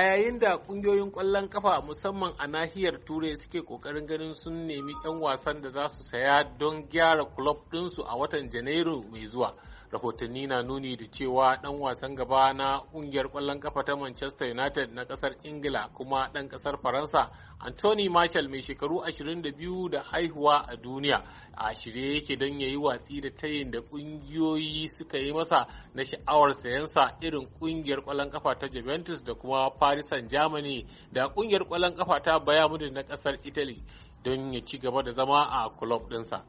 a yayin da kungiyoyin kwallon kafa musamman a nahiyar turai suke kokarin ganin sun nemi 'yan wasan da za su saya don gyara kulob ɗinsu a watan janairu mai zuwa rahotanni na nuni da cewa dan wasan gaba na kungiyar kwallon kafa ta manchester united na kasar ingila kuma dan kasar faransa anthony marshall mai shekaru 22 da haihuwa a duniya a shirye yake don ya yi watsi da tayin da kungiyoyi suka yi masa na sha'awar sayansa irin kungiyar kwallon kafa ta juventus da kuma Paris Germany da kungiyar kwallon kafa ta Bayern Munich na kasar Italy don ya ci gaba da zama a club ɗinsa.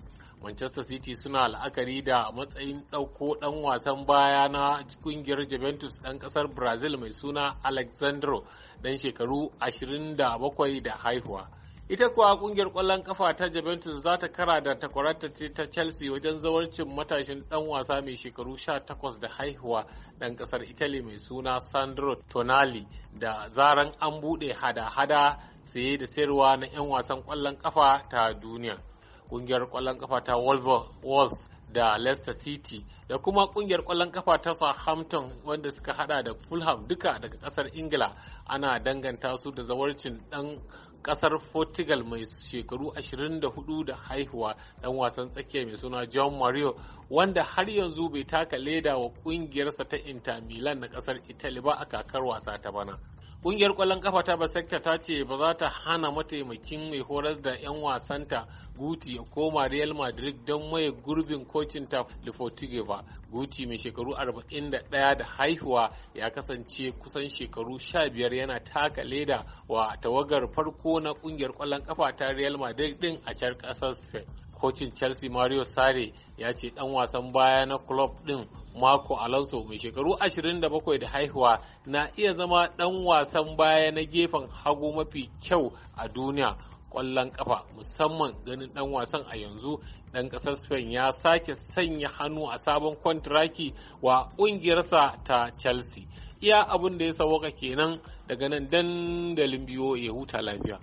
Manchester City suna la'akari da matsayin ɗauko ɗan wasan baya na kungiyar Juventus ɗan ƙasar Brazil mai suna Alexandro ɗan shekaru 27 da haihuwa. ita kuwa kungiyar kwallon kafa ta juventus za ta kara da takwarata ce ta chelsea wajen zawarcin matashin dan wasa mai shekaru 18 da haihuwa dan kasar italy mai suna sandro tonali da zaran an bude hada-hada saye da sayarwa na 'yan wasan kwallon kafa ta duniya kungiyar kwallon kafa ta wolves da leicester city da kuma kungiyar kwallon kafa ta Southampton wanda suka hada da Fulham duka daga kasar Ingila ana danganta su da zawarcin dan kasar Portugal mai shekaru 24 da haihuwa dan wasan tsakiya mai suna John Mario wanda har yanzu bai taka leda wa kungiyarsa ta Inter Milan na kasar Italy ba a kakar wasa ta bana. Kungiyar kwallon kafa ta Basekta ta ce ba za ta hana mataimakin mai horas da 'yan wasanta Guti ya koma Real Madrid don maye gurbin kocin ta ba. Guti mai shekaru 41 da haihuwa ya kasance kusan shekaru 15 yana taka leda wa tawagar farko na kungiyar kwallon kafa ta Real Madrid din a can kasar Spain. Kocin Chelsea Mario Sare ya ce dan wasan baya na club din Marco Alonso mai shekaru 27 da haihuwa na iya zama dan wasan baya na gefen hagu mafi kyau a duniya kwallon ƙafa musamman ganin ɗan wasan a yanzu ɗan ƙasar Spain ya sake sanya hannu a sabon kwantiraki wa ƙungiyarsa ta Chelsea. Iya abin da ya sauka kenan daga nan dandalin biyo ya huta lafiya.